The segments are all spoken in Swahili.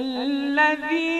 الذي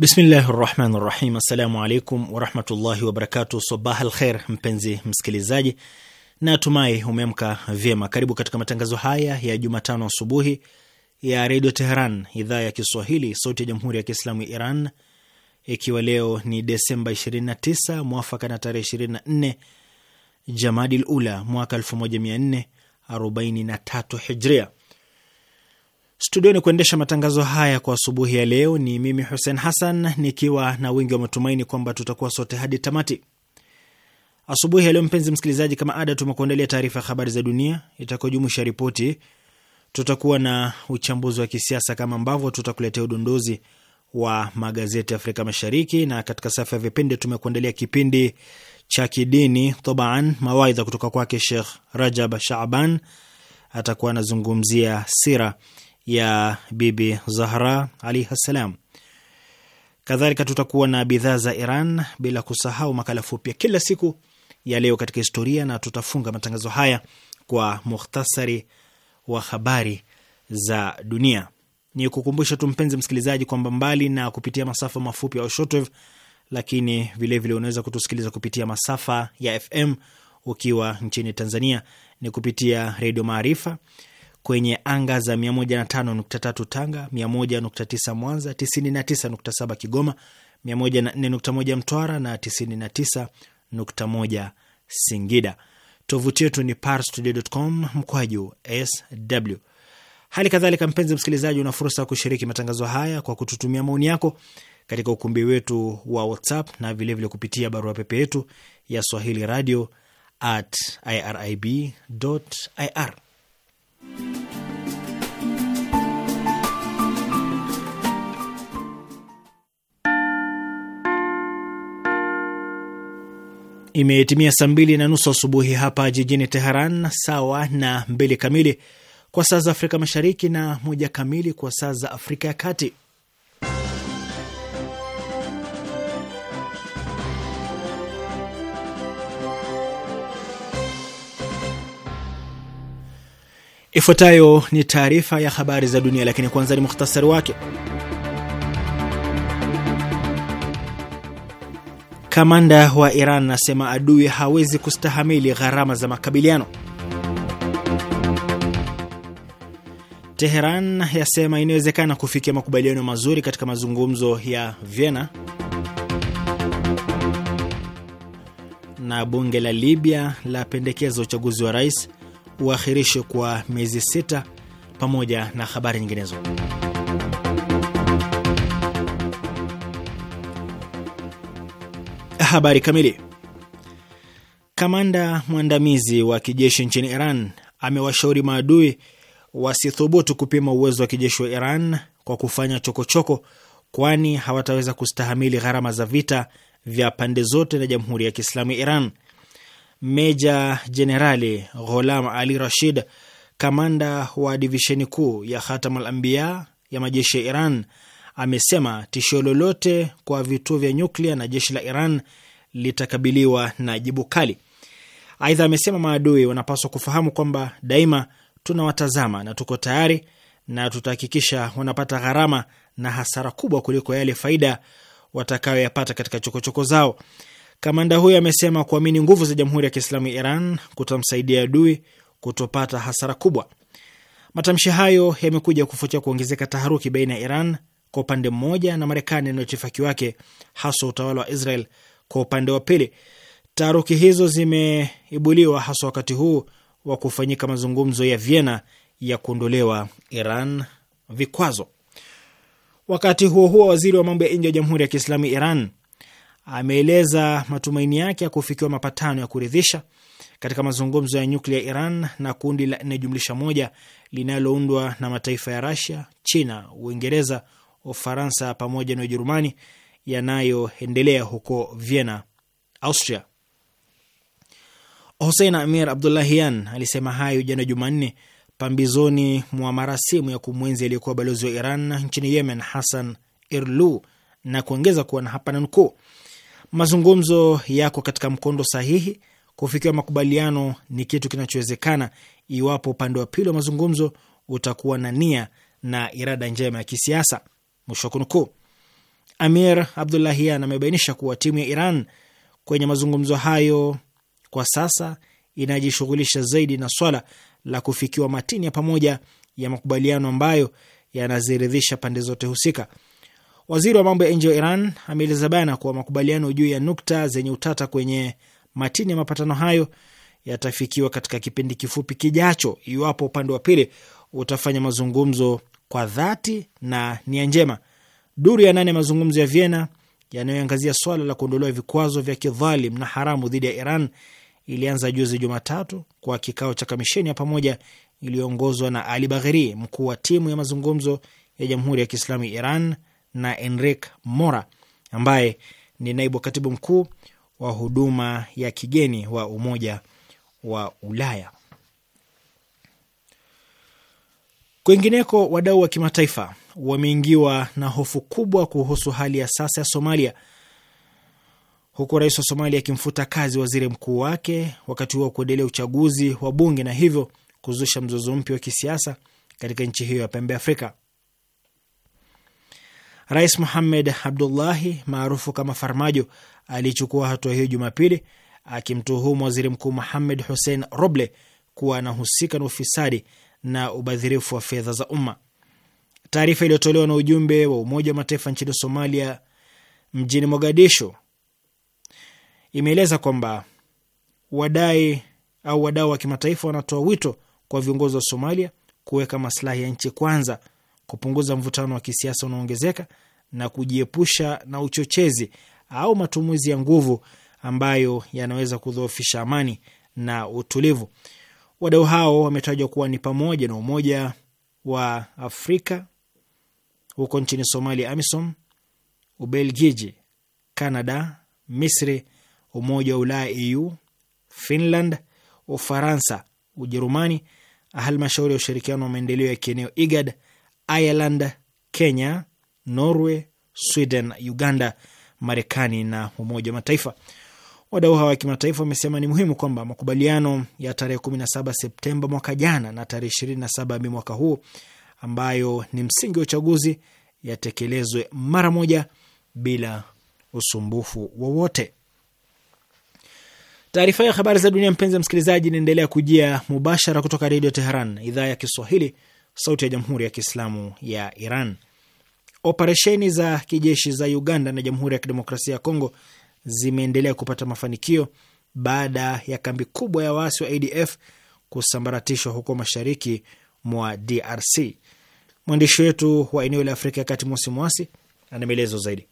Bismillahi rahmani rahim. Assalamu alaikum warahmatullahi wabarakatu. Sabah alkher, mpenzi msikilizaji, na tumai umeamka vyema. Karibu katika matangazo haya ya Jumatano asubuhi ya redio Teheran, idhaa ya Kiswahili, sauti ya jamhuri ya kiislamu ya Iran, ikiwa leo ni Desemba 29 mwafaka na tarehe 24 Jamadil Ula mwaka 1443 Hijria. Studioni kuendesha matangazo haya kwa asubuhi ya leo ni mimi Hussein Hassan, nikiwa na wingi wa matumaini kwamba tutakuwa sote hadi tamati. Asubuhi ya leo, mpenzi msikilizaji, kama ada, tumekuandalia taarifa ya habari za dunia itakayojumuisha ripoti. Tutakuwa na uchambuzi wa kisiasa kama ambavyo tutakuletea udondozi wa magazeti Afrika Mashariki, na katika safu ya vipindi tumekuandalia kipindi cha kidini Tobaan, mawaidha kutoka kwake Shekh Rajab Shaaban, atakuwa anazungumzia sira ya Bibi Zahra alaihi ssalam. Kadhalika tutakuwa na bidhaa za Iran, bila kusahau makala fupi ya kila siku ya leo katika historia, na tutafunga matangazo haya kwa mukhtasari wa habari za dunia. Ni kukumbusha tu mpenzi msikilizaji kwamba mbali na kupitia masafa mafupi au shortwave, lakini vilevile unaweza kutusikiliza kupitia masafa ya FM ukiwa nchini Tanzania ni kupitia Redio Maarifa kwenye anga za 105.3 Tanga, 101.9 Mwanza, 99.7 Kigoma, 104.1 Mtwara na 99.1 Singida. Tovuti yetu ni parstoday.com mkwaju sw. Hali kadhalika, mpenzi msikilizaji, una fursa ya kushiriki matangazo haya kwa kututumia maoni yako katika ukumbi wetu wa WhatsApp na vilevile vile kupitia barua pepe yetu ya swahili radio at irib.ir. Imetimia saa mbili na nusu asubuhi hapa jijini Teheran, sawa na mbili kamili kwa saa za Afrika Mashariki na moja kamili kwa saa za Afrika ya Kati. Ifuatayo ni taarifa ya habari za dunia, lakini kwanza ni muhtasari wake. Kamanda wa Iran anasema adui hawezi kustahamili gharama za makabiliano. Teheran yasema inawezekana kufikia makubaliano mazuri katika mazungumzo ya Vienna. Na bunge la Libya lapendekeza uchaguzi wa rais uakhirishwe kwa miezi sita, pamoja na habari nyinginezo. Habari kamili. Kamanda mwandamizi wa kijeshi nchini Iran amewashauri maadui wasithubutu kupima uwezo wa kijeshi wa Iran kwa kufanya chokochoko kwani hawataweza kustahamili gharama za vita vya pande zote na Jamhuri ya Kiislamu ya Iran. Meja Jenerali Gholam Ali Rashid, kamanda wa divisheni kuu ya Khatam al Anbiya ya majeshi ya Iran, amesema tishio lolote kwa vituo vya nyuklia na jeshi la Iran litakabiliwa na jibu kali. Aidha amesema maadui wanapaswa kufahamu kwamba daima tunawatazama na tuko tayari na tutahakikisha wanapata gharama na hasara kubwa kuliko yale faida watakayoyapata katika chokochoko zao. Kamanda huyo amesema kuamini nguvu za Jamhuri ya Kiislamu ya Iran kutamsaidia adui kutopata hasara kubwa. Matamshi hayo yamekuja kufuatia kuongezeka taharuki baina ya Iran kwa upande mmoja na Marekani na itifaki wake, haswa utawala wa Israel kwa upande wa pili. Taharuki hizo zimeibuliwa haswa wakati huu wa kufanyika mazungumzo ya Vienna ya kuondolewa Iran vikwazo. Wakati huo huo, waziri wa mambo ya nje ya Jamhuri ya Kiislamu Iran ameeleza matumaini yake ya kufikiwa mapatano ya kuridhisha katika mazungumzo ya nyuklia Iran na kundi la nne jumlisha moja linaloundwa na mataifa ya Rasia, China, Uingereza, Ufaransa pamoja na Ujerumani yanayoendelea huko Vienna, Austria. Hussein Amir Abdullahian alisema hayo jana Jumanne pambizoni mwa marasimu ya kumwenzi aliyekuwa balozi wa Iran nchini Yemen, Hassan Irlu, na kuongeza kuwa na hapa nukuu Mazungumzo yako katika mkondo sahihi. Kufikiwa makubaliano ni kitu kinachowezekana iwapo upande wa pili wa mazungumzo utakuwa na nia na irada njema ya kisiasa. Mwisho wa kunukuu. Amir Abdulahian amebainisha kuwa timu ya Iran kwenye mazungumzo hayo kwa sasa inajishughulisha zaidi na swala la kufikiwa matini ya pamoja ya makubaliano ambayo yanaziridhisha pande zote husika. Waziri wa mambo ya nje wa Iran ameeleza bayana kuwa makubaliano juu ya nukta zenye utata kwenye matini ya mapatano hayo yatafikiwa katika kipindi kifupi kijacho, iwapo upande wa pili utafanya mazungumzo kwa dhati na nia njema. Duru ya nane ya mazungumzo ya Vienna yanayoangazia swala la kuondolewa vikwazo vya kidhalim na haramu dhidi ya Iran ilianza juzi Jumatatu kwa kikao cha kamisheni ya pamoja iliyoongozwa na Ali Bagheri, mkuu wa timu ya mazungumzo ya Jamhuri ya Kiislamu ya Iran na Enrique Mora ambaye ni naibu katibu mkuu wa huduma ya kigeni wa Umoja wa Ulaya. Kwingineko, wadau wa kimataifa wameingiwa na hofu kubwa kuhusu hali ya sasa ya Somalia, huku rais wa Somalia akimfuta kazi waziri mkuu wake, wakati huo kuendelea uchaguzi wa bunge na hivyo kuzusha mzozo mpya wa kisiasa katika nchi hiyo ya pembe Afrika. Rais muhamed Abdullahi maarufu kama Farmajo alichukua hatua hiyo Jumapili akimtuhumu waziri mkuu muhamed Hussein Roble kuwa anahusika na ufisadi na ubadhirifu wa fedha za umma. Taarifa iliyotolewa na ujumbe wa Umoja wa Mataifa nchini Somalia mjini Mogadishu imeeleza kwamba wadai au wadau wa kimataifa wanatoa wito kwa viongozi wa Somalia kuweka maslahi ya nchi kwanza kupunguza mvutano wa kisiasa unaoongezeka na kujiepusha na uchochezi au matumizi ya nguvu ambayo yanaweza kudhoofisha amani na utulivu. Wadau hao wametajwa kuwa ni pamoja na Umoja wa Afrika huko nchini Somalia, AMISOM, Ubelgiji, Canada, Misri, Umoja wa Ulaya, EU, Finland, Ufaransa, Ujerumani, halmashauri ya ushirikiano wa maendeleo ya kieneo IGAD, Ireland, Kenya, Norway, Sweden, Uganda, Marekani na Umoja wa Mataifa. Wadau hawa wa kimataifa wamesema ni muhimu kwamba makubaliano ya tarehe 17 Septemba mwaka jana na tarehe 27 Mei mwaka huu ambayo ni msingi wa uchaguzi yatekelezwe mara moja bila usumbufu wowote. Taarifa ya habari za dunia, mpenzi msikilizaji, inaendelea kujia mubashara kutoka Redio Teheran, idhaa ya Kiswahili, sauti ya jamhuri ya kiislamu ya Iran. Operesheni za kijeshi za Uganda na jamhuri ya kidemokrasia ya Kongo zimeendelea kupata mafanikio baada ya kambi kubwa ya waasi wa ADF kusambaratishwa huko mashariki mwa DRC. Mwandishi wetu wa eneo la Afrika ya Kati, Mosi Mwasi, ana maelezo zaidi.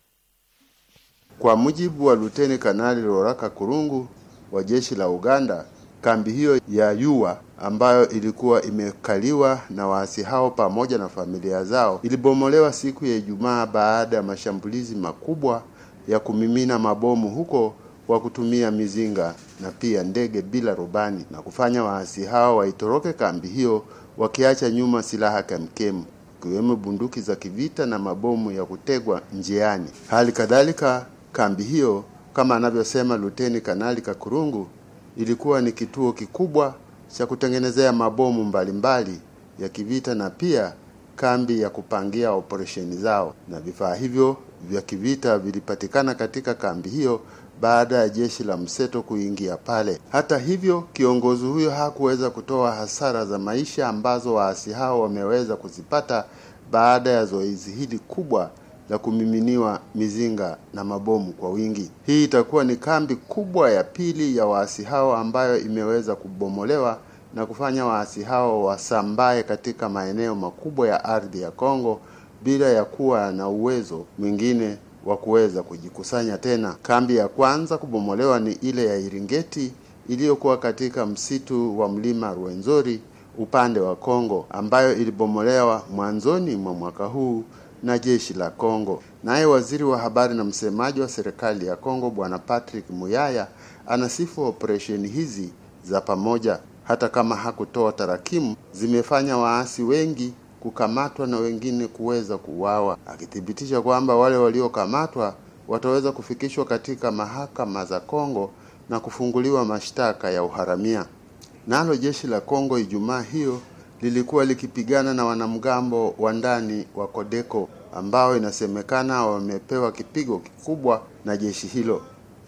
Kwa mujibu wa Luteni Kanali Roraka Kurungu wa jeshi la Uganda, kambi hiyo ya Yua ambayo ilikuwa imekaliwa na waasi hao pamoja na familia zao ilibomolewa siku ya Ijumaa baada ya mashambulizi makubwa ya kumimina mabomu huko kwa kutumia mizinga na pia ndege bila rubani na kufanya waasi hao waitoroke kambi hiyo wakiacha nyuma silaha kemkemu ikiwemo bunduki za kivita na mabomu ya kutegwa njiani. Hali kadhalika kambi hiyo, kama anavyosema Luteni Kanali Kakurungu, ilikuwa ni kituo kikubwa cha kutengenezea mabomu mbalimbali mbali ya kivita na pia kambi ya kupangia operesheni zao, na vifaa hivyo vya kivita vilipatikana katika kambi hiyo baada ya jeshi la mseto kuingia pale. Hata hivyo, kiongozi huyo hakuweza kutoa hasara za maisha ambazo waasi hao wameweza kuzipata baada ya zoezi hili kubwa za kumiminiwa mizinga na mabomu kwa wingi. Hii itakuwa ni kambi kubwa ya pili ya waasi hao ambayo imeweza kubomolewa na kufanya waasi hao wasambae katika maeneo makubwa ya ardhi ya Kongo bila ya kuwa na uwezo mwingine wa kuweza kujikusanya tena. Kambi ya kwanza kubomolewa ni ile ya Iringeti iliyokuwa katika msitu wa mlima Rwenzori upande wa Kongo ambayo ilibomolewa mwanzoni mwa mwaka huu na jeshi la Kongo. Naye waziri wa habari na msemaji wa serikali ya Kongo Bwana Patrick Muyaya anasifu operesheni hizi za pamoja, hata kama hakutoa tarakimu, zimefanya waasi wengi kukamatwa na wengine kuweza kuuawa, akithibitisha kwamba wale waliokamatwa wataweza kufikishwa katika mahakama za Kongo na kufunguliwa mashtaka ya uharamia. Nalo jeshi la Kongo Ijumaa hiyo lilikuwa likipigana na wanamgambo wa ndani wa Kodeko ambao inasemekana wamepewa kipigo kikubwa na jeshi hilo,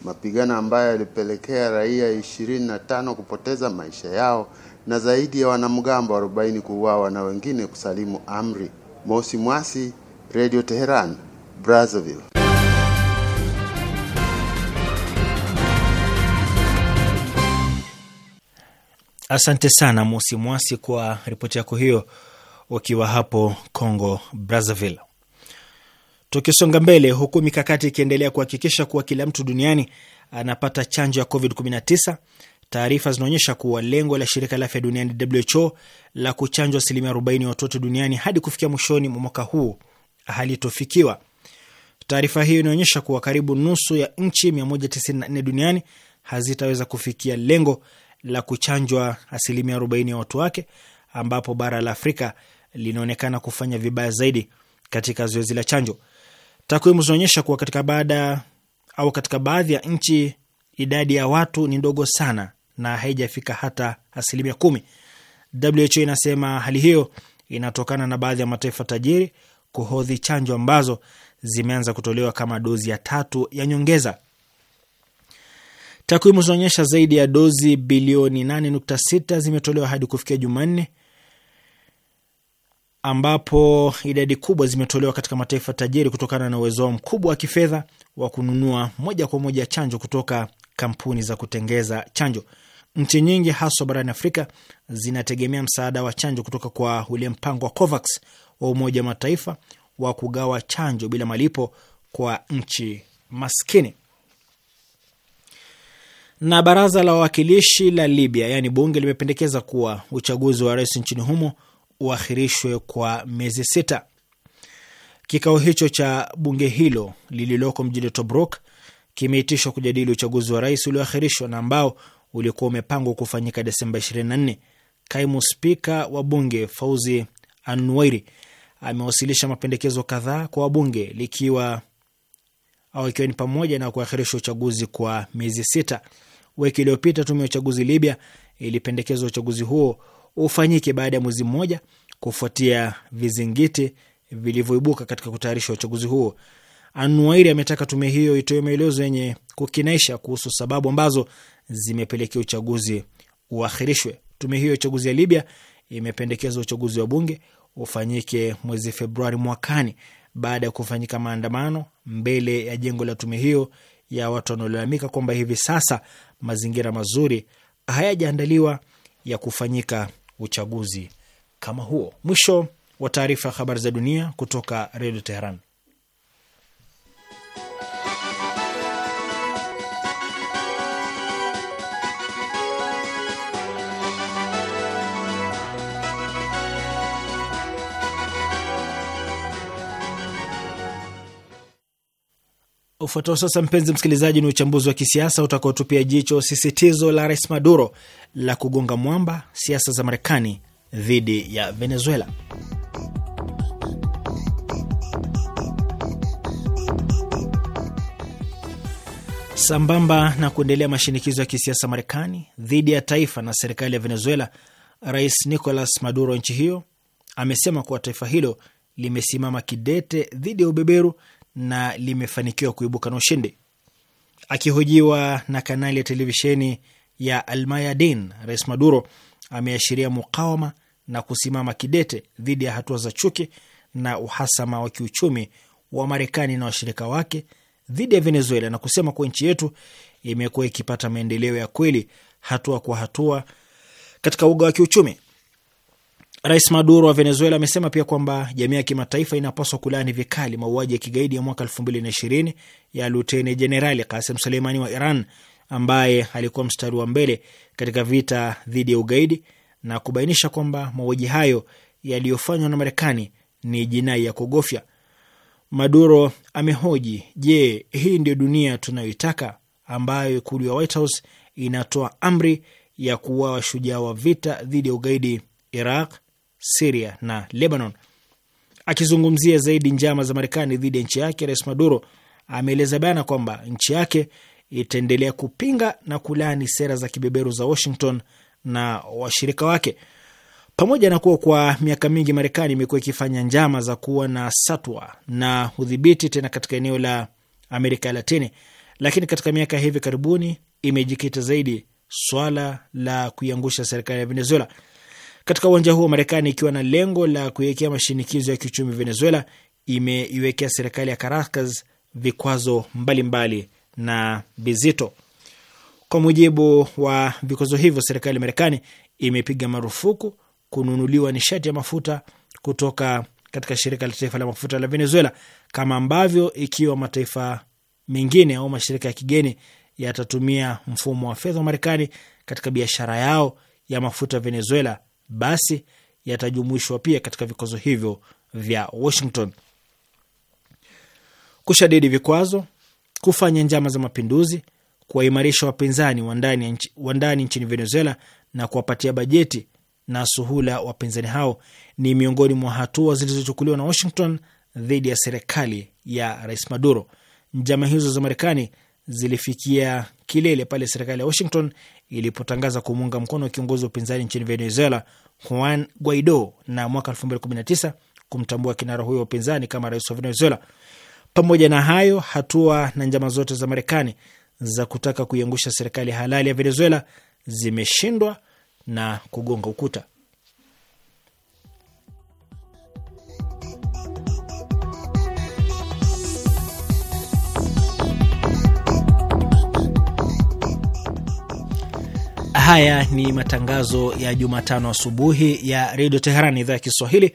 mapigano ambayo yalipelekea raia ishirini na tano kupoteza maisha yao na zaidi ya wanamgambo 40 kuuawa na wengine kusalimu amri. Mosi Mwasi, Radio Teheran, Brazzaville. Asante sana Mosi Mwasi kwa ripoti yako hiyo, ukiwa hapo Congo Brazzaville. Tukisonga mbele, huku mikakati ikiendelea kuhakikisha kuwa kila mtu duniani anapata chanjo ya COVID-19, taarifa zinaonyesha kuwa lengo la shirika la afya duniani WHO la kuchanjwa asilimia 40 ya watoto duniani hadi kufikia mwishoni mwa mwaka huu halitofikiwa. Taarifa hiyo inaonyesha kuwa karibu nusu ya nchi 194 duniani hazitaweza kufikia lengo la kuchanjwa asilimia 40 ya watu wake, ambapo bara la Afrika linaonekana kufanya vibaya zaidi katika zoezi la chanjo. Takwimu zinaonyesha kuwa katika baada au katika baadhi ya nchi idadi ya watu ni ndogo sana na haijafika hata asilimia kumi. WHO inasema hali hiyo inatokana na baadhi ya mataifa tajiri kuhodhi chanjo ambazo zimeanza kutolewa kama dozi ya tatu ya nyongeza. Takwimu zinaonyesha zaidi ya dozi bilioni 8.6 zimetolewa hadi kufikia Jumanne, ambapo idadi kubwa zimetolewa katika mataifa tajiri kutokana na uwezo wao mkubwa wa kifedha wa kununua moja kwa moja chanjo kutoka kampuni za kutengeza chanjo. Nchi nyingi haswa barani Afrika zinategemea msaada wa chanjo kutoka kwa ule mpango wa COVAX wa Umoja wa Mataifa wa kugawa chanjo bila malipo kwa nchi maskini. Na baraza la wawakilishi la Libya, yaani bunge, limependekeza kuwa uchaguzi wa rais nchini humo uahirishwe kwa miezi sita. Kikao hicho cha bunge hilo lililoko mjini Tobruk kimeitishwa kujadili uchaguzi wa rais ulioahirishwa na ambao ulikuwa umepangwa kufanyika Desemba 24. Kaimu spika wa bunge Fauzi Anuairi amewasilisha mapendekezo kadhaa kwa wabunge likiwa au ikiwa ni pamoja na kuahirisha uchaguzi kwa miezi sita wiki iliyopita tume ya uchaguzi Libya ilipendekeza uchaguzi huo ufanyike baada ya mwezi mmoja kufuatia vizingiti vilivyoibuka katika kutayarisha uchaguzi huo. Anuairi ametaka tume hiyo itoe maelezo yenye kukinaisha kuhusu sababu ambazo zimepelekea uchaguzi uahirishwe. Tume hiyo ya uchaguzi ya Libya imependekeza uchaguzi wa bunge ufanyike mwezi Februari mwakani baada ya kufanyika maandamano mbele ya jengo la tume hiyo ya watu wanaolalamika kwamba hivi sasa mazingira mazuri hayajaandaliwa ya kufanyika uchaguzi kama huo. Mwisho wa taarifa ya habari za dunia kutoka Redio Teheran. Ufuatao sasa, mpenzi msikilizaji, ni uchambuzi wa kisiasa utakaotupia jicho sisitizo la Rais Maduro la kugonga mwamba siasa za Marekani dhidi ya Venezuela. Sambamba na kuendelea mashinikizo ya kisiasa Marekani dhidi ya taifa na serikali ya Venezuela, Rais Nicolas Maduro nchi hiyo amesema kuwa taifa hilo limesimama kidete dhidi ya ubeberu na limefanikiwa kuibuka na ushindi. Akihojiwa na kanali ya televisheni ya Almayadin, Rais Maduro ameashiria mukawama na kusimama kidete dhidi ya hatua za chuki na uhasama wa kiuchumi wa Marekani na washirika wake dhidi ya Venezuela na kusema kuwa nchi yetu imekuwa ikipata maendeleo ya kweli hatua kwa hatua katika uga wa kiuchumi. Rais Maduro wa Venezuela amesema pia kwamba jamii ya kimataifa inapaswa kulaani vikali mauaji ya kigaidi ya mwaka ishirini ya luteni jenerali Kasim Suleimani wa Iran ambaye alikuwa mstari wa mbele katika vita dhidi ya ugaidi na kubainisha kwamba mauaji hayo yaliyofanywa na Marekani ni jinai ya kogofya. Maduro amehoji, je, hii ndio dunia tunayoitaka ambayo ikulu ya White House inatoa amri ya kuuawa washujaa wa vita dhidi ya ugaidi Iraq, Siria na Lebanon. Akizungumzia zaidi njama za Marekani dhidi ya nchi yake, Rais Maduro ameeleza bayana kwamba nchi yake itaendelea kupinga na kulaani sera za kibeberu za Washington na washirika wake, pamoja na kuwa kwa miaka mingi Marekani imekuwa ikifanya njama za kuwa na satwa na udhibiti tena katika eneo la Amerika ya Latini, lakini katika miaka hivi karibuni imejikita zaidi swala la kuiangusha serikali ya Venezuela. Katika uwanja huo, Marekani ikiwa na lengo la kuiwekea mashinikizo ya kiuchumi Venezuela, imeiwekea serikali ya Caracas vikwazo mbalimbali mbali na vizito. Kwa mujibu wa vikwazo hivyo, serikali ya Marekani imepiga marufuku kununuliwa nishati ya mafuta kutoka katika shirika la taifa la mafuta la Venezuela, kama ambavyo ikiwa mataifa mengine au mashirika ya kigeni yatatumia mfumo wa fedha wa Marekani katika biashara yao ya mafuta Venezuela basi yatajumuishwa pia katika vikwazo hivyo vya Washington. Kushadidi vikwazo, kufanya njama za mapinduzi, kuwaimarisha wapinzani wa ndani nchini Venezuela na kuwapatia bajeti na suhula wapinzani hao ni miongoni mwa hatua zilizochukuliwa na Washington dhidi ya serikali ya Rais Maduro. Njama hizo za Marekani zilifikia kilele pale serikali ya Washington ilipotangaza kumuunga mkono kiongozi wa upinzani nchini Venezuela Juan Guaido na mwaka 2019 kumtambua kinara huyo wa upinzani kama rais wa Venezuela. Pamoja na hayo, hatua na njama zote za Marekani za kutaka kuiangusha serikali halali ya Venezuela zimeshindwa na kugonga ukuta. Haya ni matangazo ya Jumatano asubuhi ya redio Teheran, idhaa ya Kiswahili,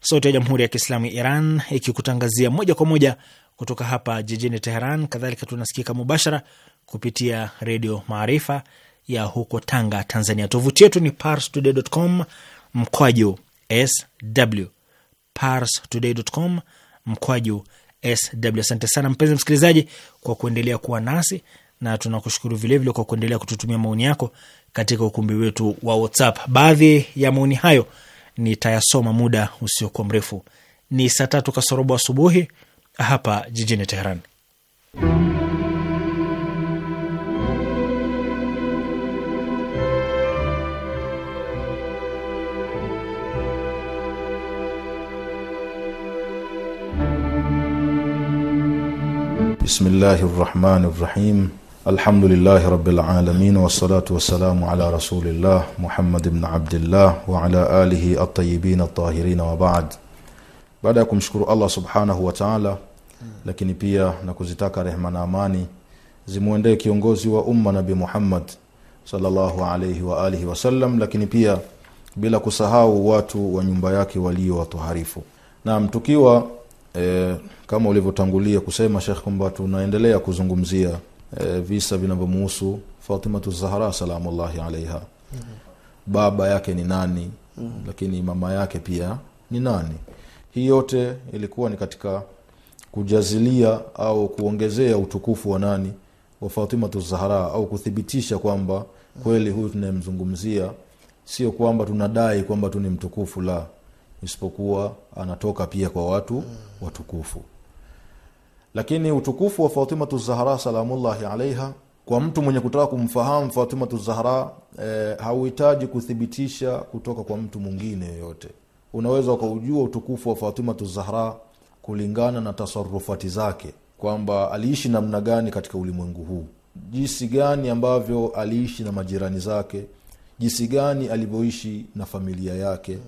sauti ya jamhuri ya kiislamu Iran, ikikutangazia moja kwa moja kutoka hapa jijini Teheran. Kadhalika tunasikika mubashara kupitia redio Maarifa ya huko Tanga, Tanzania. Tovuti yetu ni parstoday.com mkwaju sw, parstoday.com mkwaju sw. Asante sana mpenzi msikilizaji kwa kuendelea kuwa nasi na tunakushukuru vilevile kwa kuendelea kututumia maoni yako katika ukumbi wetu wa WhatsApp. Baadhi ya maoni hayo nitayasoma muda usiokuwa mrefu. Ni saa tatu kasorobo asubuhi hapa jijini Teheran. Bismillahi rahmani rahim الحمد لله رب العالمين والصلاة والسلام على رسول الله محمد بن عبد الله وعلى آله الطيبين الطاهرين وبعد baada ya kumshukuru allah subhanahu wa taala lakini pia na kuzitaka rehma na amani zimwendee kiongozi wa umma nabi muhammad salllahu alaihi waalihi wasallam lakini pia bila kusahau watu wa nyumba yake walio watoharifu nam tukiwa e, kama ulivyotangulia kusema shekh kwamba tunaendelea kuzungumzia Eh, visa vinavyomuhusu Fatimatu Zahra salamullahi alaiha mm -hmm. baba yake ni nani mm -hmm. lakini mama yake pia ni nani hii yote ilikuwa ni katika kujazilia au kuongezea utukufu wa nani wa Fatimatu Zahra au kuthibitisha kwamba kweli huyu tunayemzungumzia sio kwamba tunadai kwamba tu ni mtukufu la isipokuwa anatoka pia kwa watu watukufu lakini utukufu wa Fatima Zahra salamullahi alaiha kwa mtu mwenye kutaka kumfahamu Fatima Zahra e, hauhitaji kuthibitisha kutoka kwa mtu mwingine yoyote. Unaweza ukaujua utukufu wa Fatima Zahra kulingana na tasarufati zake, kwamba aliishi namna gani katika ulimwengu huu, jinsi gani ambavyo aliishi na majirani zake, jinsi gani alivyoishi na familia yake,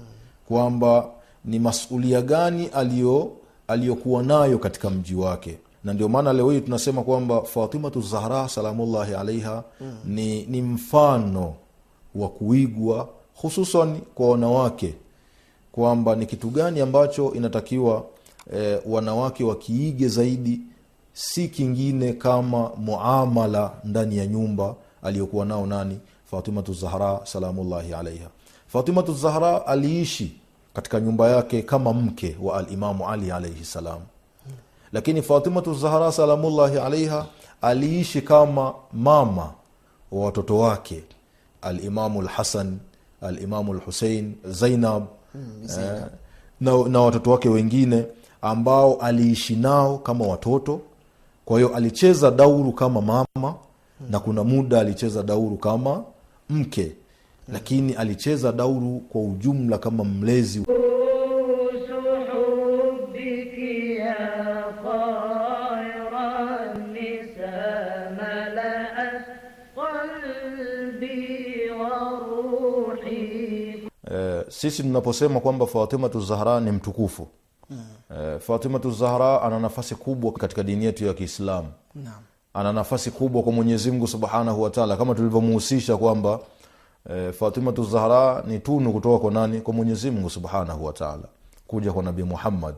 kwamba ni masulia gani aliyo aliyokuwa nayo katika mji wake na ndio maana leo hii tunasema kwamba Fatimatu Zahra salamullahi alaiha mm. ni, ni mfano wa kuigwa hususan kwa wanawake kwamba ni kitu gani ambacho inatakiwa eh, wanawake wakiige zaidi, si kingine kama muamala ndani ya nyumba aliyokuwa nao nani? Fatimatu Zahra salamullahi alaiha. Fatimatu Zahra aliishi katika nyumba yake kama mke wa alimamu ali alaihi salam lakini fatimatu zahra salamullahi alaiha aliishi kama mama wa watoto wake alimamu lhasan alimamu lhusein zainab hmm, eh, na, na watoto wake wengine ambao aliishi nao kama watoto kwa hiyo alicheza dauru kama mama hmm. na kuna muda alicheza dauru kama mke lakini alicheza dauru kwa ujumla kama mlezi. Eh, sisi tunaposema kwamba Fatimatu Zahra ni mtukufu e, Fatimatu Zahra ana nafasi kubwa katika dini yetu ya Kiislamu, ana nafasi kubwa kwa Mwenyezi Mungu subhanahu wataala kama tulivyomuhusisha kwamba Eh, Fatimatu Zahra ni tunu kutoka kwa nani? Kwa mwenyezimngu Subhanahu wataala kuja kwa Nabii Muhammad.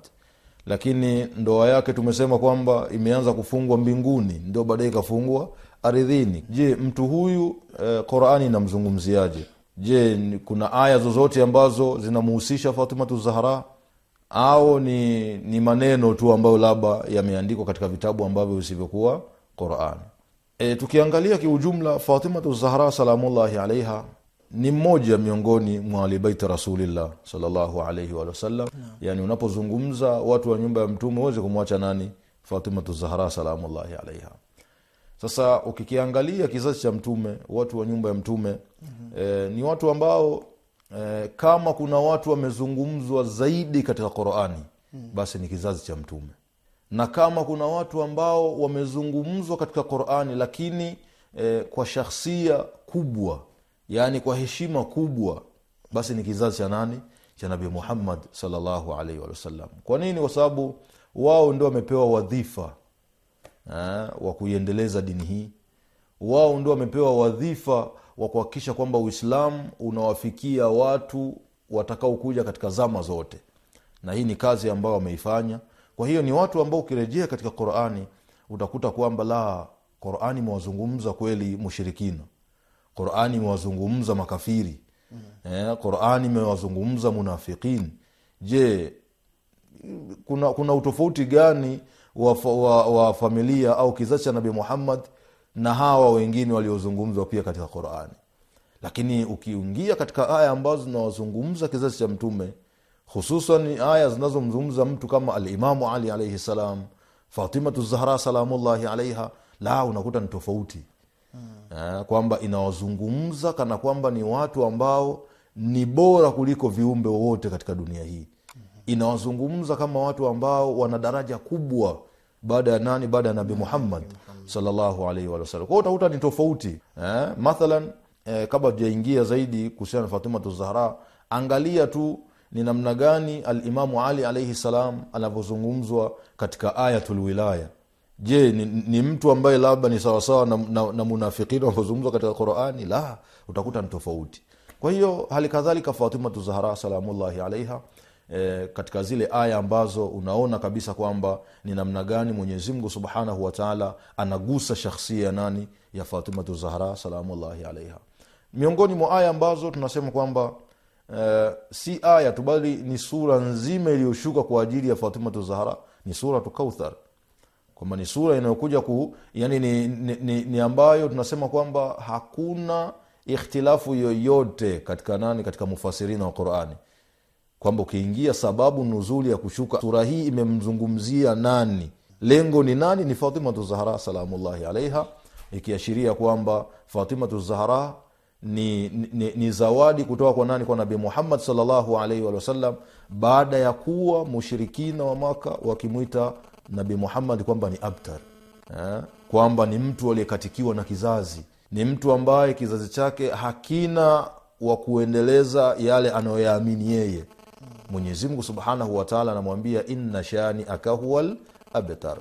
Lakini ndoa yake tumesema kwamba imeanza kufungwa mbinguni, ndio baadaye ikafungwa aridhini. Je, mtu huyu e, Qur'ani inamzungumziaje? Je, kuna aya zozote ambazo zinamuhusisha Fatimatu Zahra au ni, ni maneno tu ambayo labda yameandikwa katika vitabu ambavyo visivyokuwa Qur'an? E, eh, tukiangalia kiujumla Fatimatu Zahra salamullahi alaiha ni mmoja miongoni mwa alibaiti rasulillah salllahu alaihi wasallam no. yani unapozungumza watu wa nyumba ya mtume uweze kumwacha nani fatimatu zahra salamullahi alaiha sasa ukikiangalia kizazi cha mtume watu wa nyumba ya mtume mm-hmm. eh, ni watu ambao eh, kama kuna watu wamezungumzwa zaidi katika qurani mm-hmm. basi ni kizazi cha mtume na kama kuna watu ambao wamezungumzwa katika qurani lakini eh, kwa shakhsia kubwa yani kwa heshima kubwa basi ni kizazi cha nani cha nabii muhammad salllahu alaihi wasallam kwa nini kwa sababu wao ndio wamepewa wadhifa wa kuiendeleza dini hii wao ndio wamepewa wadhifa wa kuhakikisha kwamba uislamu unawafikia watu watakaokuja katika zama zote na hii ni kazi ambayo wameifanya kwa hiyo ni watu ambao ukirejea katika qurani utakuta kwamba la qurani imewazungumza kweli mushirikina qurani imewazungumza makafiri mm-hmm. eh, qurani imewazungumza munafiqin je kuna kuna utofauti gani wa, wa, wa familia au kizazi cha nabi muhammad na hawa wengine waliozungumzwa pia katika qurani lakini ukiingia katika aya ambazo zinawazungumza kizazi cha mtume hususan aya zinazomzungumza mtu kama alimamu ali alaihi salam fatimatu zahra salamullahi alaiha la unakuta ni tofauti mm. kwamba inawazungumza kana kwamba ni watu ambao ni bora kuliko viumbe wowote katika dunia hii mm. inawazungumza kama watu ambao wana daraja kubwa baada ya nani baada ya nabi muhammad sallallahu kwao utakuta ni tofauti eh? mathalan eh, kabla tujaingia zaidi kuhusiana na fatimatu zahra angalia tu ni namna gani alimamu ali alaihi salam anavyozungumzwa katika ayatulwilaya je ni, ni mtu ambaye labda ni sawasawa na, na, na munafikini wanaozungumzwa katika qurani la utakuta ni tofauti kwa hiyo hali kadhalika fatimatu zahra salamullahi alaiha e, katika zile aya ambazo unaona kabisa kwamba ni namna gani mwenyezimngu subhanahu wataala anagusa shakhsia ya nani ya fatimatu zahra salamullahi alaiha miongoni mwa aya ambazo tunasema kwamba e, si aya tu bali ni sura nzima iliyoshuka kwa ajili ya fatimatu zahra ni suratu kauthar kwamba ni sura inayokuja ku yani ni, ni, ni, ni ambayo tunasema kwamba hakuna ikhtilafu yoyote katika nani katika mufasirina wa qurani kwamba ukiingia sababu nuzuli ya kushuka sura hii imemzungumzia nani lengo ni nani ni fatimatu zahra salamullahi alaiha ikiashiria kwamba fatimatu zahra ni, ni, ni zawadi kutoka kwa nani kwa nabi muhammad salllahu alaihi baada ya kuwa mushirikina wa maka wakimwita nabi Muhammad kwamba ni abtar eh, kwamba ni mtu aliyekatikiwa na kizazi, ni mtu ambaye kizazi chake hakina wa kuendeleza yale anayoyaamini yeye. mwenyezimngu subhanahu wataala anamwambia inna shani akahuwal abtar,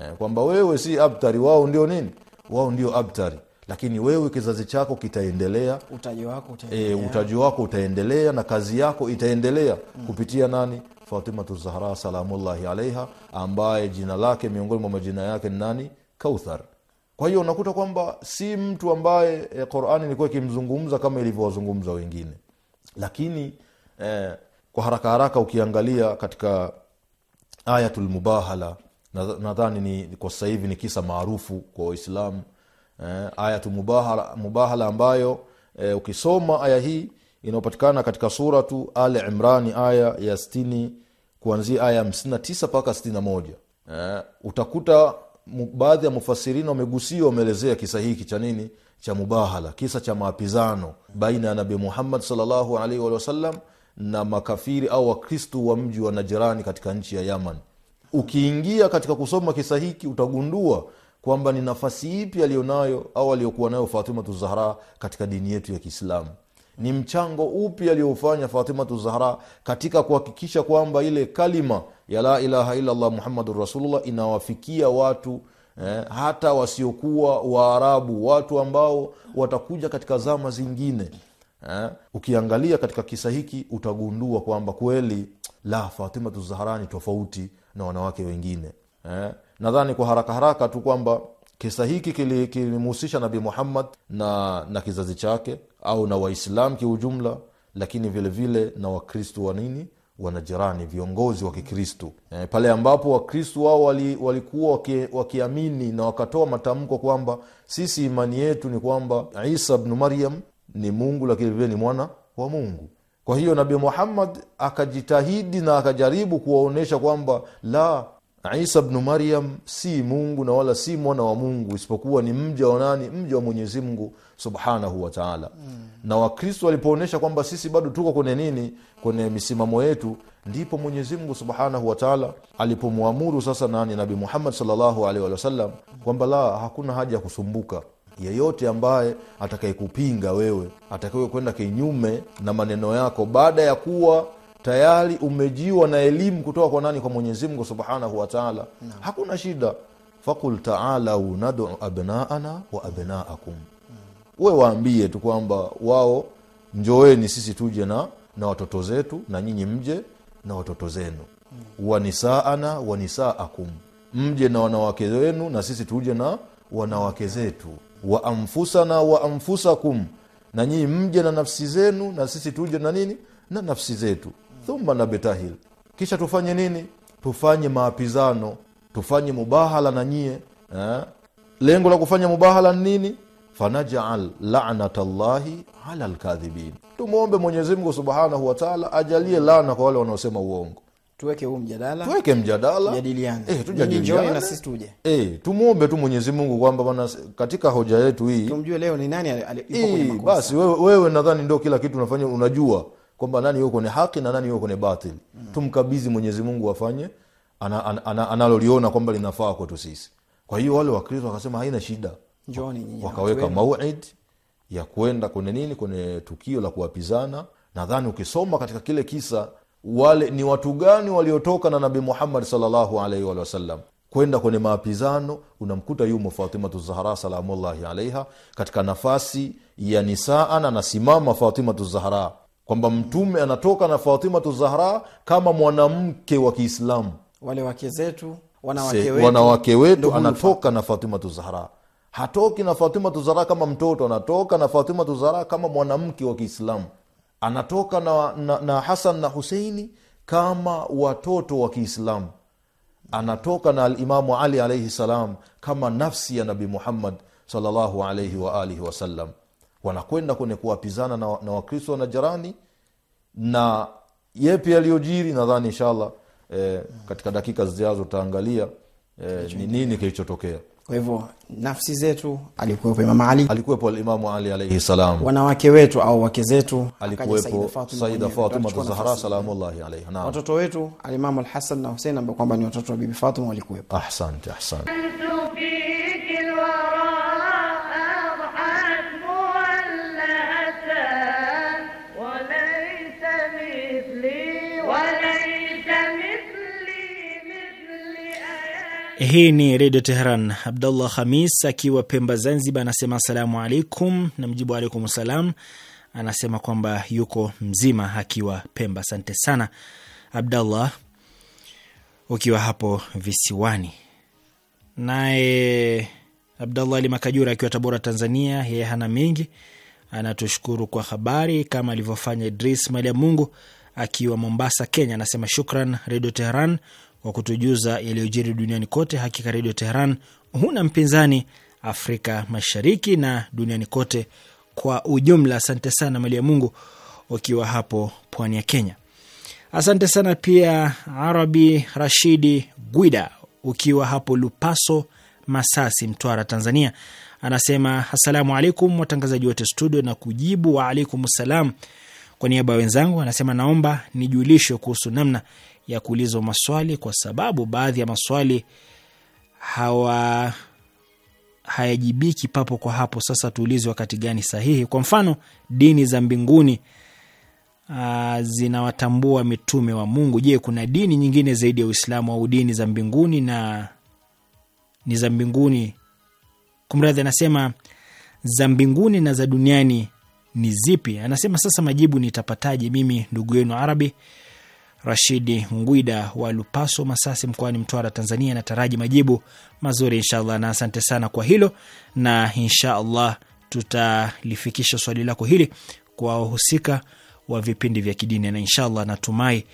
eh, kwamba wewe si abtari, wao ndio nini? Wao ndio abtari lakini wewe kizazi chako kitaendelea, utaji wako utaendelea, e, utaji wako utaendelea na kazi yako itaendelea mm. kupitia nani? Fatimatu Zahra salamullahi alaiha, ambaye jina lake miongoni mwa majina yake ni nani? Kauthar. Kwa hiyo unakuta kwamba si mtu ambaye e, Qurani ilikuwa ikimzungumza kama ilivyowazungumza wengine, lakini e, kwa haraka haraka ukiangalia katika ayatulmubahala Mubahala nadhani ni kwa sasa hivi ni kisa maarufu kwa Waislamu eh, ayatu mubahala, mubahala ambayo eh, ukisoma aya hii inayopatikana katika suratu al imrani aya ya stini kuanzia aya hamsini na tisa mpaka sitini na moja eh, utakuta baadhi ya mufasirina wamegusia wameelezea kisa hiki cha nini cha mubahala kisa cha maapizano baina ya nabi muhammad salllahu alaihi wasallam na makafiri au wakristu wa mji wa najirani katika nchi ya yaman ukiingia katika kusoma kisa hiki utagundua kwamba ni nafasi ipi aliyonayo au aliyokuwa nayo fatimatu zahra katika dini yetu ya kiislamu ni mchango upi aliyofanya fatimatu zahra katika kuhakikisha kwamba ile kalima ya la ilaha illallah muhammadun rasulullah inawafikia watu eh, hata wasiokuwa waarabu watu ambao watakuja katika zama zingine eh, ukiangalia katika kisa hiki utagundua kwamba kweli la fatimatu zahra ni tofauti na wanawake wengine eh, nadhani kwa haraka haraka tu kwamba kisa hiki kilimhusisha kili nabii muhammad na na kizazi chake au na waislam kiujumla lakini vile vile na wakristu wa nini wanajirani viongozi wa kikristu e, pale ambapo wakristu wao wali, walikuwa waki, wakiamini na wakatoa matamko kwamba sisi imani yetu ni kwamba isa bnu maryam ni mungu lakini vile ni mwana wa mungu kwa hiyo nabii muhammad akajitahidi na akajaribu kuwaonyesha kwamba la Isa bnu Maryam si Mungu na wala si mwana wa Mungu, isipokuwa ni mja wa nani? Mja wa Mwenyezi Mungu subhanahu wataala. mm. na Wakristo walipoonyesha kwamba sisi bado tuko kwenye nini, kwenye misimamo yetu, ndipo Mwenyezi Mungu subhanahu wataala alipomwamuru sasa nani, Nabi Muhammad sallallahu kwamba la, hakuna haja ya kusumbuka yeyote ambaye atakayekupinga wewe, atakiwe kwenda kinyume na maneno yako baada ya kuwa tayari umejiwa na elimu kutoka kwa nani kwa mwenyezi subhanahu wataala no. hakuna shida fakul taalau nadu abnaana wa abnaakum mm. uwe waambie tu kwamba wao njoeni sisi tuje na na watoto zetu na nyinyi mje na watoto zenu mm. wanisaana wanisaakum mje na wanawake wenu na sisi tuje na wanawake hmm. zetu wa amfusana wa amfusakum na nyinyi mje na nafsi zenu na sisi tuje na nini na nafsi zetu thumma nabtahil, kisha tufanye nini? Tufanye maapizano, tufanye mubahala na nyie eh? Lengo la kufanya mubahala ni nini? Fanajal llahi ala lkadhibin, tumwombe Mwenyezi Mungu subhanahu wataala ajalie laana kwa wale wanaosema uongo. Tuweke huu mjadala, tuweke mjadala, jadiliane eh, tujadiliane na sisi tuje eh, tumwombe tu Mwenyezi Mungu kwamba bwana, katika hoja yetu hii tumjue leo ni nani ali, eh, kwenye makosa. basi wewe, wewe nadhani ndio kila kitu unafanya unajua kwamba nani yuko ni haki na nani yuko ni batil mm. tumkabidhi mwenyezi mungu afanye analoliona ana, ana, ana kwamba linafaa kwetu sisi kwa hiyo wale wakristo wakasema haina shida Johnny, wakaweka mauid ya kwenda kwenye nini kwenye tukio la kuwapizana nadhani ukisoma katika kile kisa wale ni watu gani waliotoka na nabii muhammad salllahu alaihi walihi wasallam kwenda kwenye maapizano unamkuta yumo fatimatu zahra salamullahi alaiha katika nafasi ya nisaa anasimama fatimatu zahra kwamba mtume anatoka na fatimatu zahra kama mwanamke wa kiislamu wale wake zetu wanawake wetu, wetu anatoka na fatimatu zahra hatoki na fatimatu zahra kama mtoto anatoka na fatimatu zahra kama mwanamke wa kiislamu anatoka na, na, na hasan na huseini kama watoto wa kiislamu anatoka na alimamu ali alaihi salam kama nafsi ya nabi muhammad salllahu alaihi waalihi wasallam wanakwenda kwenye kuwapizana na, na wakristo na jirani na yepi yaliyojiri nadhani inshallah e, katika dakika zijazo utaangalia e, ni nini kilichotokea kwa hivyo nafsi zetu alikuwepo imam Ali, alikuwepo alimamu Ali alaihi salam, wanawake wetu au wake zetu, alikuwepo Saida Fatuma Zahra salamullahi alaiha, watoto wetu Alimamu Alhasan na Husein ambao kwamba ni watoto wa Bibi Fatuma walikuwepo. Ahsante, ahsante. Hii ni Redio Teheran. Abdullah Khamis akiwa Pemba, Zanzibar, anasema asalamu alaikum, na mjibu alaikum salam. Anasema kwamba yuko mzima akiwa Pemba. Asante sana Abdallah ukiwa hapo visiwani. Naye Abdallah Ali Makajura akiwa Tabora, Tanzania, yeye hana mengi, anatushukuru kwa habari kama alivyofanya Idris Mali ya Mungu akiwa Mombasa, Kenya. Anasema shukran Redio Teheran wa kutujuza yaliyojiri duniani kote. Hakika Redio Teheran huna mpinzani Afrika Mashariki na duniani kote kwa ujumla. Asante sana mali ya Mungu ukiwa hapo pwani ya Kenya. Asante sana pia Arabi Rashidi Guida ukiwa hapo Lupaso, Masasi, Mtwara, Tanzania, anasema assalamu alaikum watangazaji wote studio, na kujibu waalaikum salam kwa niaba ya wenzangu, anasema naomba nijulishwe kuhusu namna ya kuulizwa maswali, kwa sababu baadhi ya maswali hawa hayajibiki papo kwa hapo. Sasa tuulize wakati gani sahihi? Kwa mfano, dini za mbinguni uh, zinawatambua mitume wa Mungu. Je, kuna dini nyingine zaidi ya Uislamu au dini za mbinguni na ni za mbinguni? Kumradhi, anasema za mbinguni na za duniani ni zipi? Anasema sasa majibu nitapataje mimi ndugu yenu Arabi Rashidi Ngwida wa Lupaso, Masasi, mkoani Mtwara, Tanzania. Nataraji majibu mazuri inshallah, na asante sana kwa hilo, na inshallah tutalifikisha swali lako hili kwa wahusika wa vipindi vya kidini, na inshallah natumai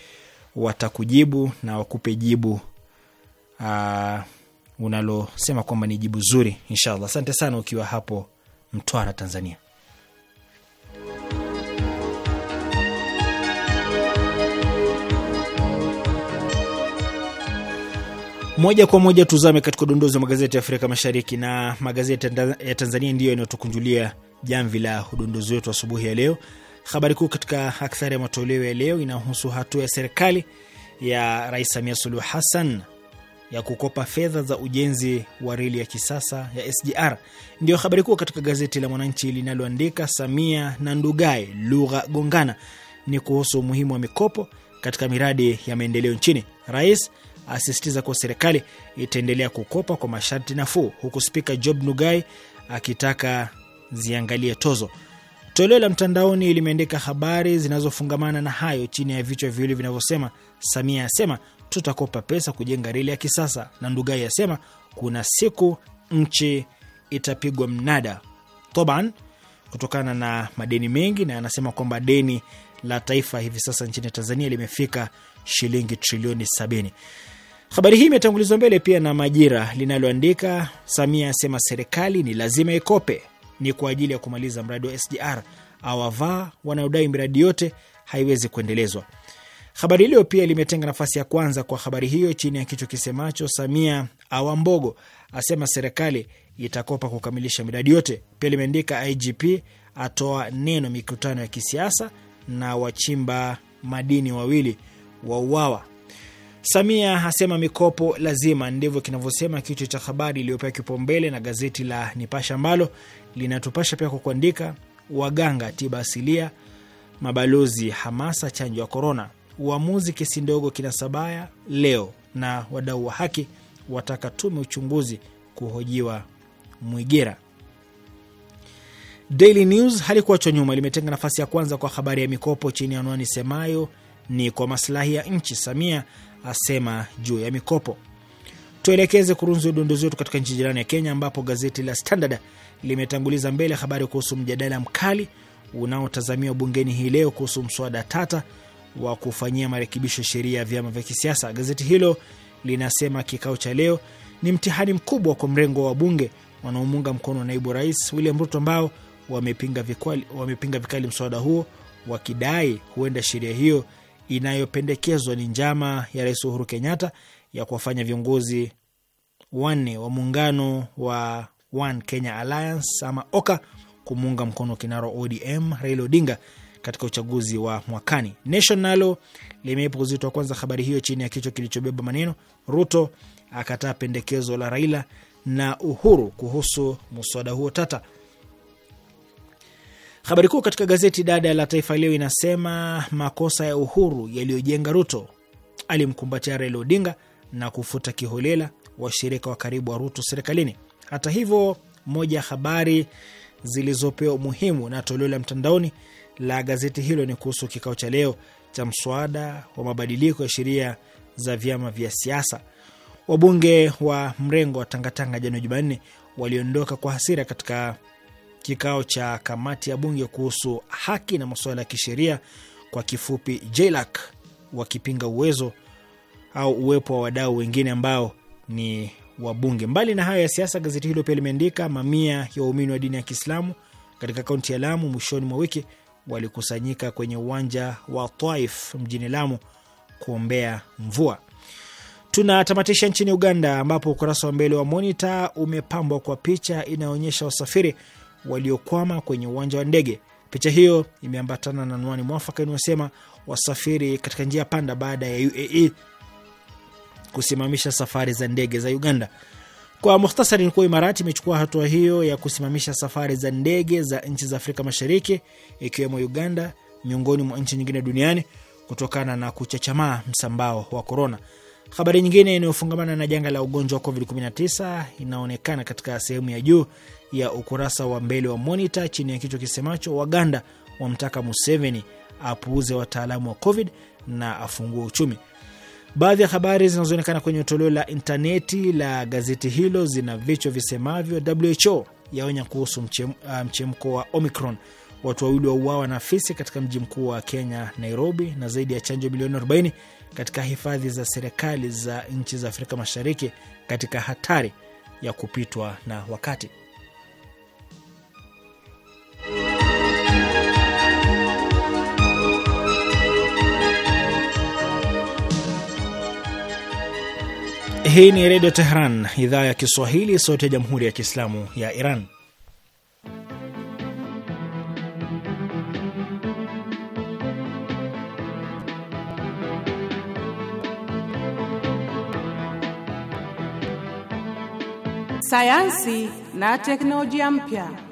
watakujibu na wakupe jibu uh, unalosema kwamba ni jibu zuri inshallah. Asante sana ukiwa hapo Mtwara, Tanzania. Moja kwa moja tuzame katika udondozi wa magazeti ya Afrika Mashariki, na magazeti ya Tanzania ndiyo yanayotukunjulia jamvi la udondozi wetu asubuhi ya leo. Habari kuu katika akthari ya matoleo ya leo inahusu hatua ya serikali ya Rais Samia Suluhu Hassan ya kukopa fedha za ujenzi wa reli ya kisasa ya SGR. Ndiyo habari kuu katika gazeti la Mwananchi linaloandika Samia na Ndugai lugha gongana, ni kuhusu umuhimu wa mikopo katika miradi ya maendeleo nchini. Rais asisitiza kuwa serikali itaendelea kukopa kwa masharti nafuu, huku spika Job Nugai akitaka ziangalie tozo. Toleo la mtandaoni limeandika habari zinazofungamana na hayo chini ya vichwa viwili vinavyosema: Samia asema tutakopa pesa kujenga reli ya kisasa, na Ndugai asema kuna siku nchi itapigwa mnada toban kutokana na madeni mengi, na anasema kwamba deni la taifa hivi sasa nchini Tanzania limefika shilingi trilioni sabini. Habari hii imetangulizwa mbele pia na Majira linaloandika Samia asema serikali ni lazima ikope, ni kwa ajili ya kumaliza mradi wa SGR, awavaa wanaodai miradi yote haiwezi kuendelezwa. Habari hilo pia limetenga nafasi ya kwanza kwa habari hiyo chini ya kichwa kisemacho Samia awambogo asema serikali itakopa kukamilisha miradi yote. Pia limeandika IGP atoa neno mikutano ya kisiasa na wachimba madini wawili wauawa. Samia asema mikopo lazima, ndivyo kinavyosema kichwa cha habari iliyopewa kipaumbele na gazeti la Nipasha ambalo linatupasha pia kwa kuandika waganga tiba asilia, mabalozi hamasa chanjo ya korona, uamuzi kesi ndogo kinasabaya leo, na wadau wa haki wataka tume uchunguzi kuhojiwa Mwigera. Daily News halikuachwa nyuma, limetenga nafasi ya kwanza kwa habari ya mikopo chini ya anwani semayo ni kwa maslahi ya nchi, Samia asema juu ya mikopo. Tuelekeze kurunzi udondozi wetu katika nchi jirani ya Kenya, ambapo gazeti la Standard limetanguliza mbele habari kuhusu mjadala mkali unaotazamiwa bungeni hii leo kuhusu mswada tata wa kufanyia marekebisho sheria ya vyama vya kisiasa. Gazeti hilo linasema kikao cha leo ni mtihani mkubwa kwa mrengo wa bunge wanaomuunga mkono naibu rais William Ruto ambao wamepinga vikali, wamepinga vikali mswada huo wakidai huenda sheria hiyo inayopendekezwa ni njama ya Rais Uhuru Kenyatta ya kuwafanya viongozi wanne wa muungano wa One Kenya Alliance ama OKA kumuunga mkono kinara ODM Raila Odinga katika uchaguzi wa mwakani. Nation nalo limeipa uzito wa kwanza habari hiyo chini ya kichwa kilichobeba maneno Ruto akataa pendekezo la Raila na Uhuru kuhusu mswada huo tata. Habari kuu katika gazeti dada la Taifa Leo inasema makosa ya Uhuru yaliyojenga Ruto, alimkumbatia Raila Odinga na kufuta kiholela washirika wa karibu wa Ruto serikalini. Hata hivyo, moja ya habari zilizopewa umuhimu na toleo la mtandaoni la gazeti hilo ni kuhusu kikao cha leo cha mswada wa mabadiliko ya sheria za vyama vya siasa. Wabunge wa mrengo wa Tangatanga jana Jumanne waliondoka kwa hasira katika kikao cha kamati ya bunge kuhusu haki na masuala ya kisheria kwa kifupi JLAC, wakipinga uwezo au uwepo wa wadau wengine ambao ni wabunge. Mbali na hayo ya siasa, gazeti hilo pia limeandika mamia ya waumini wa dini ya Kiislamu katika kaunti ya Lamu mwishoni mwa wiki walikusanyika kwenye uwanja wa Taif mjini Lamu kuombea mvua. Tunatamatisha nchini Uganda, ambapo ukurasa wa mbele wa Monita umepambwa kwa picha inayoonyesha wasafiri waliokwama kwenye uwanja wa ndege. Picha hiyo imeambatana na anwani mwafaka inayosema wasafiri katika njia panda baada ya UAE kusimamisha safari za ndege za Uganda. Kwa muhtasari, ni kuwa Imarati imechukua hatua hiyo ya kusimamisha safari za ndege za nchi za Afrika Mashariki ikiwemo Uganda, miongoni mwa nchi nyingine duniani kutokana na kuchachamaa msambao wa korona. Habari nyingine inayofungamana na janga la ugonjwa wa COVID-19 inaonekana katika sehemu ya juu ya ukurasa wa mbele wa Monita chini ya kichwa kisemacho Waganda wamtaka Museveni apuuze wataalamu wa Covid na afungue uchumi. Baadhi ya habari zinazoonekana kwenye toleo la intaneti la gazeti hilo zina vichwa visemavyo: WHO yaonya kuhusu uh, mchemko wa Omicron, watu wawili wauawa na fisi katika mji mkuu wa Kenya, Nairobi, na zaidi ya chanjo milioni 40 katika hifadhi za serikali za nchi za Afrika Mashariki katika hatari ya kupitwa na wakati. Hii ni Redio Tehran, idhaa ya Kiswahili, sauti ya Jamhuri ya Kiislamu ya Iran. Sayansi na teknolojia mpya.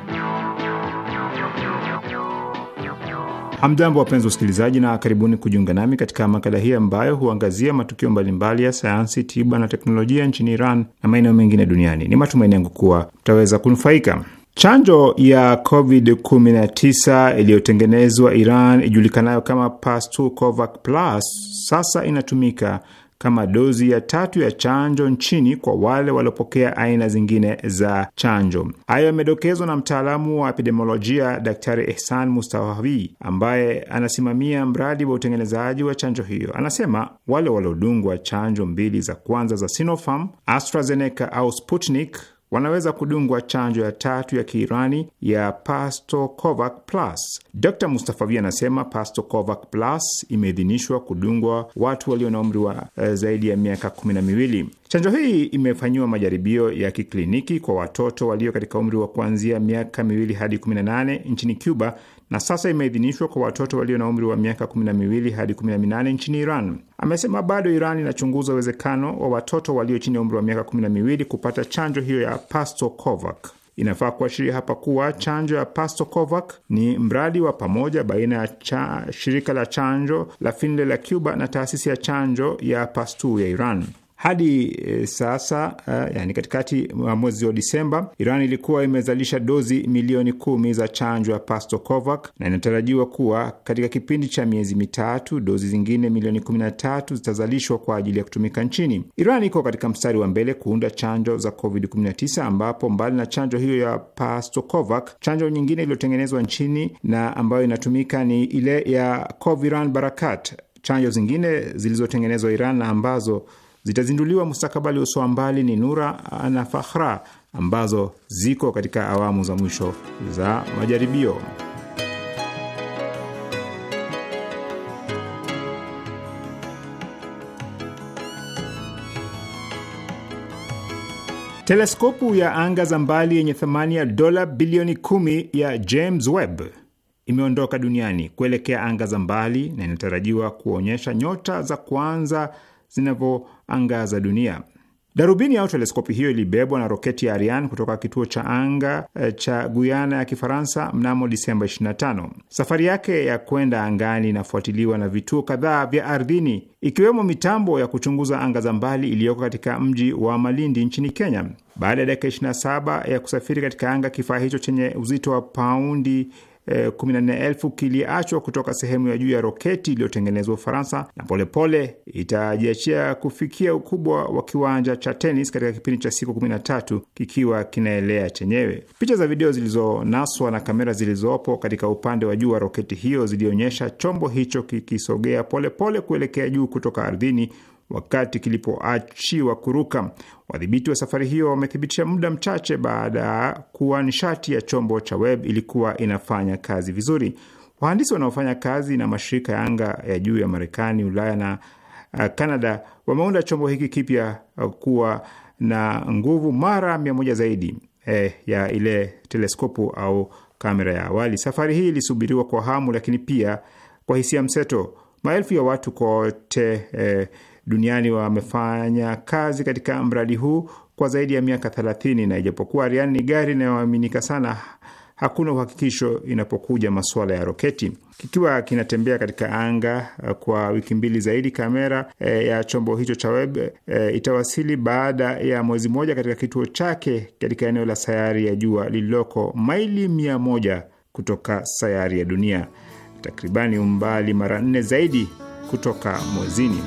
Hamjambo, wapenzi wasikilizaji, na karibuni kujiunga nami katika makala hii ambayo huangazia matukio mbalimbali ya sayansi, tiba na teknolojia nchini Iran na maeneo mengine duniani. Ni matumaini yangu kuwa mtaweza kunufaika. Chanjo ya COVID-19 iliyotengenezwa Iran ijulikanayo kama Pastukovak Plus sasa inatumika kama dozi ya tatu ya chanjo nchini kwa wale waliopokea aina zingine za chanjo. Hayo yamedokezwa na mtaalamu wa epidemiolojia Daktari Ehsan Mustawawi ambaye anasimamia mradi wa utengenezaji wa chanjo hiyo. Anasema wale waliodungwa chanjo mbili za kwanza za Sinopharm, AstraZeneca au Sputnik wanaweza kudungwa chanjo ya tatu ya Kiirani ya Pastocovac Plus. Dr Mustafavi anasema Pastocovac Plus imeidhinishwa kudungwa watu walio na umri wa eh, zaidi ya miaka kumi na miwili. Chanjo hii imefanyiwa majaribio ya kikliniki kwa watoto walio katika umri wa kuanzia miaka miwili hadi nane nchini Cuba na sasa imeidhinishwa kwa watoto walio na umri wa miaka kumi na miwili hadi kumi na minane nchini Iran. Amesema bado Iran inachunguza uwezekano wa watoto walio chini ya umri wa miaka kumi na miwili kupata chanjo hiyo ya Pastokovak. Inafaa kuashiria hapa kuwa chanjo ya Pastokovak ni mradi wa pamoja baina ya cha, shirika la chanjo la Finlay la Cuba na taasisi ya chanjo ya pastu ya Iran. Hadi e, sasa e, yani katikati mwa mwezi wa Disemba, Iran ilikuwa imezalisha dozi milioni kumi za chanjo ya Pastokovac na inatarajiwa kuwa katika kipindi cha miezi mitatu dozi zingine milioni kumi na tatu zitazalishwa kwa ajili ya kutumika nchini. Iran iko katika mstari wa mbele kuunda chanjo za COVID-19 ambapo mbali na chanjo hiyo ya Pastokovac, chanjo nyingine iliyotengenezwa nchini na ambayo inatumika ni ile ya Coviran Barakat. Chanjo zingine zilizotengenezwa Iran na ambazo zitazinduliwa mustakabali uswa mbali ni Nura na Fakhra ambazo ziko katika awamu za mwisho za majaribio. Teleskopu ya anga za mbali yenye thamani ya dola bilioni kumi ya James Webb imeondoka duniani kuelekea anga za mbali na inatarajiwa kuonyesha nyota za kwanza zinavyo anga za dunia. Darubini au teleskopi hiyo ilibebwa na roketi ya Ariane kutoka kituo cha anga eh, cha Guyana ya Kifaransa mnamo Disemba 25. Safari yake ya kwenda angani inafuatiliwa na vituo kadhaa vya ardhini, ikiwemo mitambo ya kuchunguza anga za mbali iliyoko katika mji wa Malindi nchini Kenya. Baada ya dakika 27 ya kusafiri katika anga, kifaa hicho chenye uzito wa paundi eh, 14,000 kiliachwa kutoka sehemu ya juu ya roketi iliyotengenezwa Ufaransa na polepole itajiachia kufikia ukubwa wa kiwanja cha tenis katika kipindi cha siku 13 kikiwa kinaelea chenyewe. Picha za video zilizonaswa na kamera zilizopo katika upande wa juu wa roketi hiyo zilionyesha chombo hicho kikisogea polepole kuelekea juu kutoka ardhini wakati kilipoachiwa kuruka. Wadhibiti wa safari hiyo wamethibitisha muda mchache baada ya kuwa nishati ya chombo cha Webb ilikuwa inafanya kazi vizuri. Wahandisi wanaofanya kazi na mashirika ya anga ya juu ya Marekani, Ulaya na uh, canada wameunda chombo hiki kipya uh, kuwa na nguvu mara mia moja zaidi eh, ya ile teleskopu au kamera ya awali. Safari hii ilisubiriwa kwa hamu, lakini pia kwa hisia mseto. Maelfu ya watu kote eh, duniani wamefanya kazi katika mradi huu kwa zaidi ya miaka thelathini na ijapokuwa Ariane ni gari inayoaminika sana, hakuna uhakikisho inapokuja masuala ya roketi. Kikiwa kinatembea katika anga eh, kwa wiki mbili zaidi, kamera e, ya chombo hicho cha web e, itawasili baada ya mwezi mmoja katika kituo chake katika eneo la sayari ya jua lililoko maili mia moja kutoka sayari ya dunia, takribani umbali mara nne zaidi kutoka mwezini.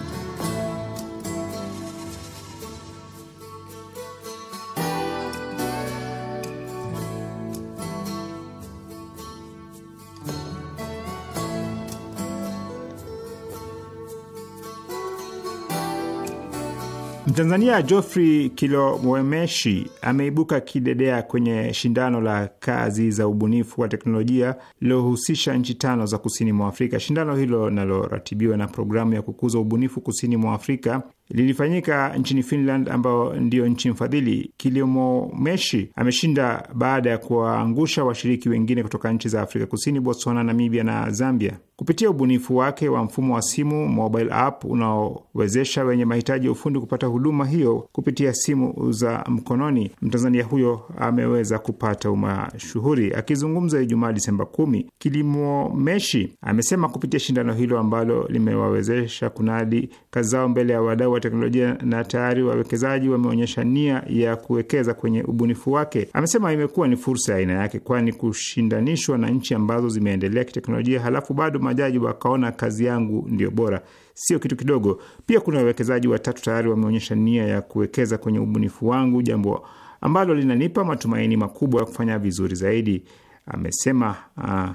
Mtanzania Geoffrey Kilomwemeshi ameibuka kidedea kwenye shindano la kazi za ubunifu wa teknolojia lilohusisha nchi tano za kusini mwa Afrika. Shindano hilo linaloratibiwa na programu ya kukuza ubunifu kusini mwa Afrika lilifanyika nchini Finland ambayo ndiyo nchi mfadhili. Kilimomeshi ameshinda baada ya kuwaangusha washiriki wengine kutoka nchi za Afrika Kusini, Botswana, Namibia na Zambia. Kupitia ubunifu wake wa mfumo wa simu mobile app unaowezesha wenye mahitaji ya ufundi kupata huduma hiyo kupitia simu za mkononi, Mtanzania huyo ameweza kupata umashuhuri. Akizungumza Ijumaa Disemba kumi, Kilimomeshi amesema kupitia shindano hilo ambalo limewawezesha kunadi kazi zao mbele ya wadau wa teknolojia na tayari wawekezaji wameonyesha nia ya kuwekeza kwenye ubunifu wake. Amesema imekuwa ni fursa ya aina yake, kwani kushindanishwa na nchi ambazo zimeendelea kiteknolojia, halafu bado majaji wakaona kazi yangu ndiyo bora sio kitu kidogo. Pia kuna wawekezaji watatu tayari wameonyesha nia ya kuwekeza kwenye ubunifu wangu, jambo ambalo linanipa matumaini makubwa ya kufanya vizuri zaidi amesema ah,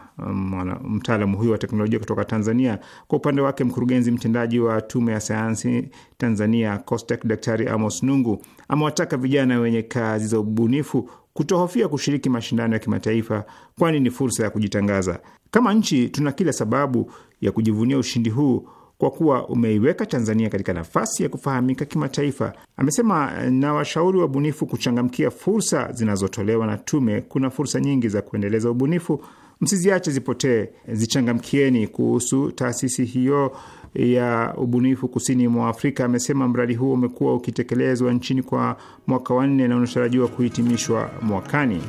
mtaalamu huyo wa teknolojia kutoka Tanzania. Kwa upande wake, mkurugenzi mtendaji wa Tume ya Sayansi Tanzania COSTECH Daktari Amos Nungu amewataka vijana wenye kazi za ubunifu kutohofia kushiriki mashindano ya kimataifa, kwani ni fursa ya kujitangaza. Kama nchi tuna kila sababu ya kujivunia ushindi huu kwa kuwa umeiweka Tanzania katika nafasi ya kufahamika kimataifa. Amesema na washauri wa ubunifu kuchangamkia fursa zinazotolewa na tume. Kuna fursa nyingi za kuendeleza ubunifu, msiziache zipotee, zichangamkieni. Kuhusu taasisi hiyo ya ubunifu kusini mwa Afrika, amesema mradi huo umekuwa ukitekelezwa nchini kwa mwaka wanne na unatarajiwa kuhitimishwa mwakani.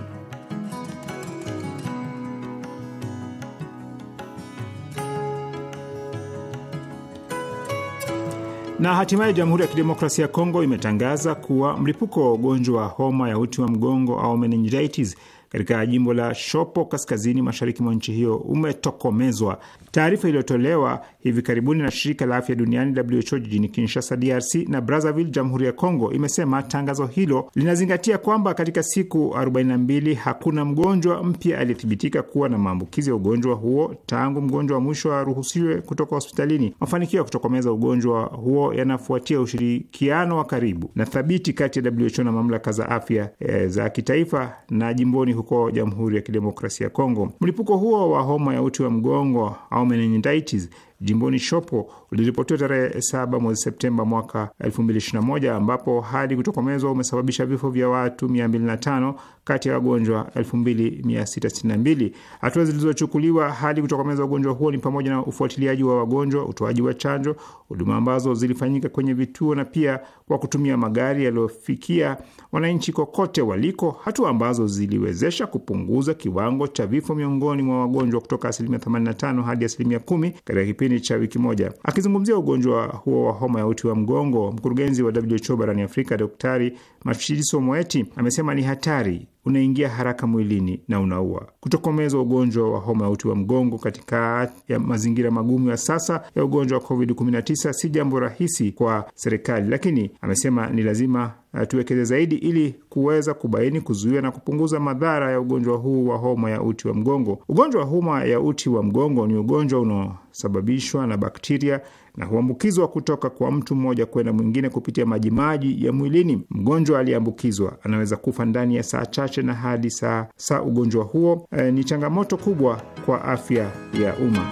Na hatimaye Jamhuri ya Kidemokrasia ya Kongo imetangaza kuwa mlipuko wa ugonjwa wa homa ya uti wa mgongo au meningitis katika jimbo la Shopo kaskazini mashariki mwa nchi hiyo umetokomezwa. Taarifa iliyotolewa hivi karibuni na shirika la afya duniani WHO jijini Kinshasa, DRC na Brazzaville, jamhuri ya Kongo, imesema tangazo hilo linazingatia kwamba katika siku 42 hakuna mgonjwa mpya aliyethibitika kuwa na maambukizi ya ugonjwa huo tangu mgonjwa wa mwisho aruhusiwe kutoka hospitalini. Mafanikio ya kutokomeza ugonjwa huo yanafuatia ushirikiano wa karibu na thabiti kati ya WHO na mamlaka za afya e, za kitaifa na jimboni huko Jamhuri ya Kidemokrasia ya Kongo. Mlipuko huo wa homa ya uti wa mgongo au au meningitis jimboni Shopo uliripotiwa tarehe saba mwezi Septemba mwaka 2021 ambapo hadi kutokomezwa umesababisha vifo vya watu 205 kati ya wagonjwa 2662. Hatua zilizochukuliwa hadi kutokomeza ugonjwa huo ni pamoja na ufuatiliaji wa wagonjwa, utoaji wa chanjo, huduma ambazo zilifanyika kwenye vituo na pia kwa kutumia magari yaliyofikia wananchi kokote waliko, hatua ambazo ziliwezesha kupunguza kiwango cha vifo miongoni mwa wagonjwa kutoka asilimia 85 hadi asilimia 10 katika kipindi cha wiki moja. Akizungumzia ugonjwa huo wa homa ya uti wa mgongo, mkurugenzi wa WHO barani Afrika Daktari Matshidiso Moeti amesema ni hatari unaingia haraka mwilini na unaua. Kutokomezwa ugonjwa wa homa ya uti wa mgongo katika ya mazingira magumu ya sasa ya ugonjwa wa COVID-19 si jambo rahisi kwa serikali, lakini amesema ni lazima uh, tuwekeze zaidi ili kuweza kubaini, kuzuia na kupunguza madhara ya ugonjwa huu wa homa ya uti wa mgongo. Ugonjwa wa homa ya uti wa mgongo ni ugonjwa unaosababishwa na bakteria na huambukizwa kutoka kwa mtu mmoja kwenda mwingine kupitia majimaji ya mwilini. Mgonjwa aliyeambukizwa anaweza kufa ndani ya saa chache na hadi saa saa ugonjwa huo e, ni changamoto kubwa kwa afya ya umma.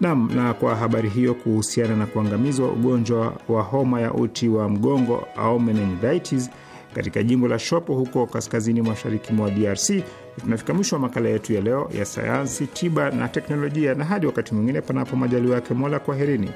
Nam. Na kwa habari hiyo kuhusiana na kuangamizwa ugonjwa wa homa ya uti wa mgongo au meningitis, katika jimbo la Shopo huko kaskazini mashariki mwa DRC. Tunafika mwisho wa makala yetu ya leo ya sayansi, tiba na teknolojia, na hadi wakati mwingine, panapo majaliwa yake Mola, kwaherini.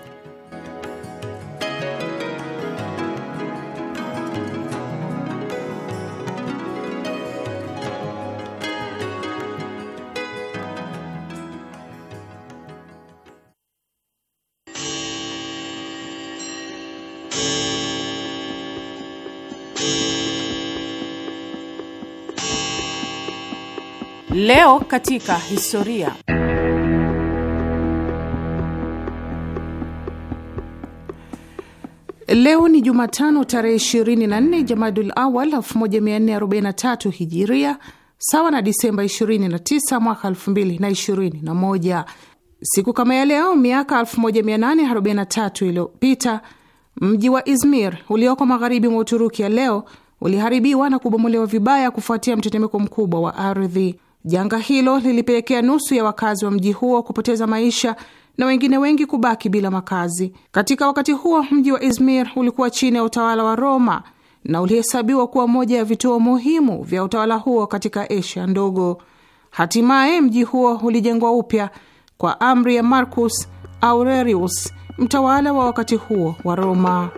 Leo katika historia. Leo ni Jumatano tarehe 24 Jamadul Awal 1443 Hijiria, sawa na Disemba 29 mwaka 2021. Siku kama ya leo miaka 1843 iliyopita mji wa Izmir ulioko magharibi mwa Uturuki ya leo uliharibiwa na kubomolewa vibaya kufuatia mtetemeko mkubwa wa ardhi. Janga hilo lilipelekea nusu ya wakazi wa mji huo kupoteza maisha na wengine wengi kubaki bila makazi. Katika wakati huo, mji wa Izmir ulikuwa chini ya utawala wa Roma na ulihesabiwa kuwa moja ya vituo muhimu vya utawala huo katika Asia ndogo. Hatimaye mji huo ulijengwa upya kwa amri ya Marcus Aurelius, mtawala wa wakati huo wa Roma.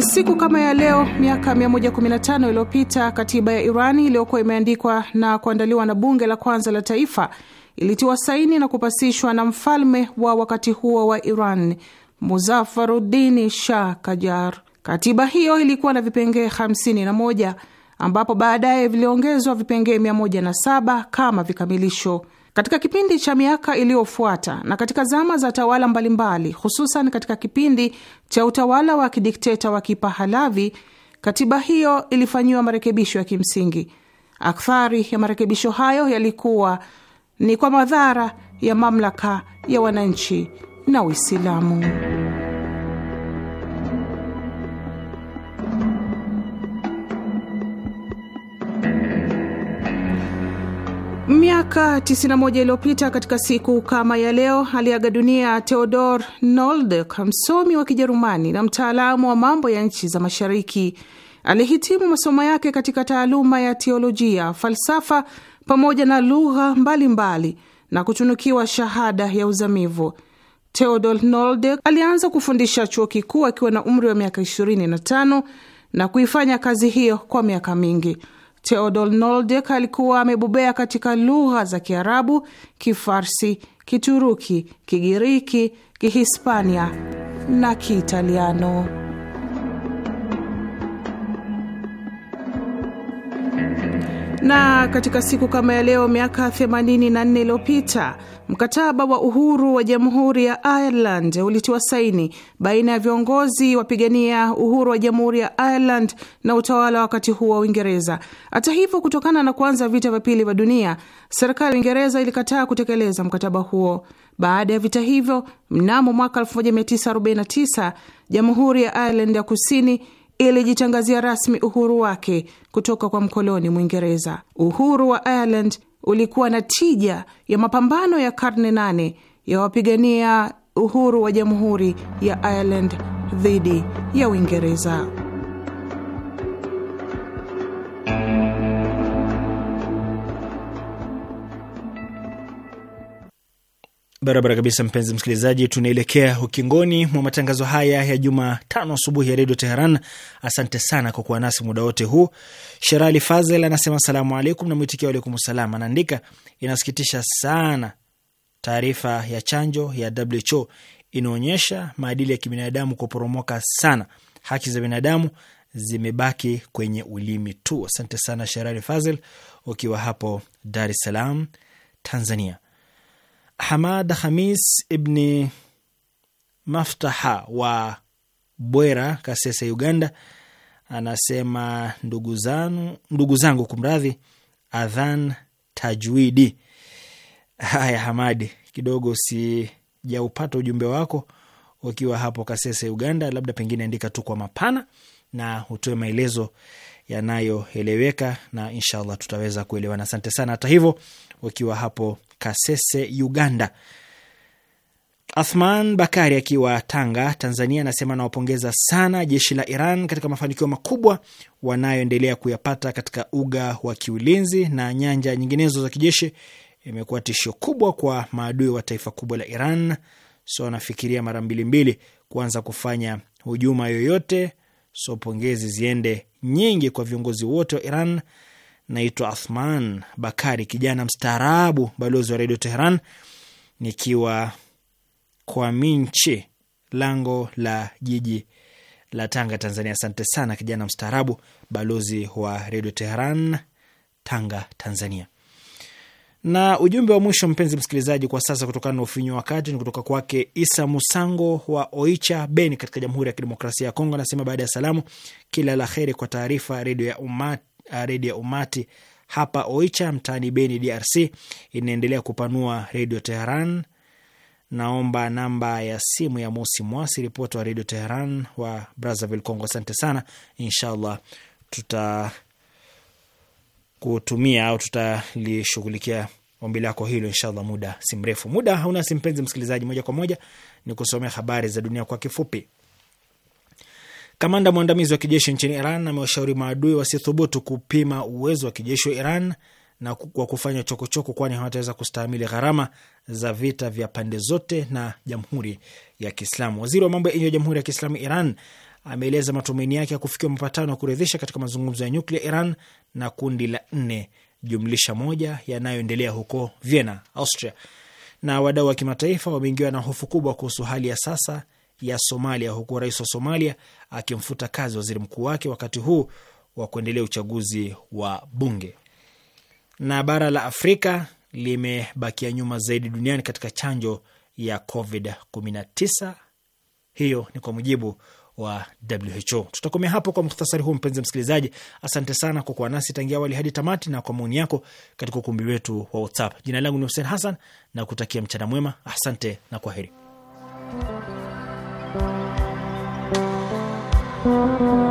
Siku kama ya leo miaka 115 iliyopita katiba ya Irani iliyokuwa imeandikwa na kuandaliwa na bunge la kwanza la taifa ilitiwa saini na kupasishwa na mfalme wa wakati huo wa Iran, Muzafarudini Shah Kajar. Katiba hiyo ilikuwa na vipengee 51 ambapo baadaye viliongezwa vipengee 107 kama vikamilisho. Katika kipindi cha miaka iliyofuata na katika zama za tawala mbalimbali, hususan katika kipindi cha utawala wa kidikteta wa Kipahalavi, katiba hiyo ilifanyiwa marekebisho ya kimsingi. Akthari ya marekebisho hayo yalikuwa ni kwa madhara ya mamlaka ya wananchi na Uislamu. Miaka 91 iliyopita katika siku kama ya leo aliaga dunia Theodor Noldek, msomi wa Kijerumani na mtaalamu wa mambo ya nchi za Mashariki. Alihitimu masomo yake katika taaluma ya teolojia, falsafa pamoja na lugha mbalimbali na kutunukiwa shahada ya uzamivu. Theodor Noldek alianza kufundisha chuo kikuu akiwa na umri wa miaka 25 na kuifanya kazi hiyo kwa miaka mingi. Theodor Noldek alikuwa amebobea katika lugha za Kiarabu, Kifarsi, Kituruki, Kigiriki, Kihispania na Kiitaliano. Na katika siku kama ya leo miaka 84 iliyopita mkataba wa uhuru wa jamhuri ya Ireland ulitiwa saini baina ya viongozi wapigania uhuru wa jamhuri ya Ireland na utawala wakati huo wa Uingereza. Hata hivyo, kutokana na kuanza vita vya pili vya dunia, serikali ya Uingereza ilikataa kutekeleza mkataba huo. Baada ya vita hivyo, mnamo mwaka 1949 jamhuri ya Ireland ya kusini ilijitangazia rasmi uhuru wake kutoka kwa mkoloni Mwingereza. Uhuru wa Ireland ulikuwa na tija ya mapambano ya karne nane ya wapigania uhuru wa jamhuri ya Ireland dhidi ya Uingereza. Barabara kabisa, mpenzi msikilizaji, tunaelekea ukingoni mwa matangazo haya ya Jumatano asubuhi ya redio Teheran. Asante sana kwa kuwa nasi muda wote huu. Sherali Fazel anasema asalamu alaikum, na mwitikia alaikum salam. Anaandika, inasikitisha sana taarifa ya chanjo ya WHO inaonyesha maadili ya kibinadamu kuporomoka sana, haki za binadamu zimebaki kwenye ulimi tu. Asante sana Sherali Fazel ukiwa hapo Dar es Salaam, Tanzania. Hamad Hamis Ibni Maftaha wa Bwera, Kasese, Uganda, anasema ndugu zangu, ndugu zangu, kumradhi, adhan tajwidi. Haya Hamadi, kidogo sijaupata ujumbe wako ukiwa hapo Kasese, Uganda, labda pengine andika tu kwa mapana na utoe maelezo yanayoeleweka na inshallah tutaweza kuelewana. Asante sana hata hivyo, ukiwa hapo Kasese, Uganda. Athman Bakari akiwa Tanga, Tanzania, anasema anawapongeza sana jeshi la Iran katika mafanikio makubwa wanayoendelea kuyapata katika uga wa kiulinzi na nyanja nyinginezo za kijeshi. Imekuwa tishio kubwa kwa maadui wa taifa kubwa la Iran, so anafikiria mara mbili mbili kuanza kufanya hujuma yoyote. So pongezi ziende nyingi kwa viongozi wote wa Iran naitwa Athman Bakari, kijana mstaarabu, balozi wa Redio Teheran, nikiwa kwa minchi lango la jiji la Tanga, Tanzania. Asante sana kijana mstaarabu, balozi wa Redio Teheran Tanga, Tanzania. Na ujumbe wa mwisho, mpenzi msikilizaji, kwa sasa kutokana na ufinyu wakati, ni kutoka kwake Isa Musango wa Oicha Beni katika Jamhuri ya Kidemokrasia ya Kongo. Anasema baada ya salamu, kila la heri kwa taarifa redio ya umati Eh, redio ya Umati hapa Oicha mtaani Beni, DRC inaendelea kupanua redio Teheran. Naomba namba ya simu ya Mosi Mwasi, ripoti wa redio Teheran wa Brazzaville, Congo. Asante sana, inshallah tuta kutumia au tutalishughulikia ombi lako hilo inshallah muda si mrefu. Muda hauna si mpenzi msikilizaji, moja kwa moja ni kusomea habari za dunia kwa kifupi. Kamanda mwandamizi wa kijeshi nchini Iran amewashauri maadui wasithubutu kupima uwezo wa kijeshi wa Iran na kwa kufanya chokochoko, kwani hawataweza kustahimili gharama za vita vya pande zote na jamhuri ya Kiislamu. Waziri wa mambo ya nje wa jamhuri ya Kiislamu Iran ameeleza matumaini yake ya kufikia mapatano ya kuridhisha katika mazungumzo ya nyuklia Iran na kundi la nne jumlisha moja yanayoendelea huko Vienna, Austria. Na wadau wa kimataifa wameingiwa na hofu kubwa kuhusu hali ya sasa ya Somalia, huku rais wa Somalia akimfuta kazi waziri mkuu wake wakati huu wa kuendelea uchaguzi wa bunge. Na bara la Afrika limebakia nyuma zaidi duniani katika chanjo ya COVID-19. Hiyo ni kwa mujibu wa WHO. Tutakomea hapo kwa muhtasari huu, mpenzi msikilizaji. Asante sana kwa kuwa nasi tangia awali hadi tamati na kwa maoni yako katika ukumbi wetu wa WhatsApp. Jina langu ni Hussein Hassan na kutakia mchana mwema. Asante na kwaheri. Thank you.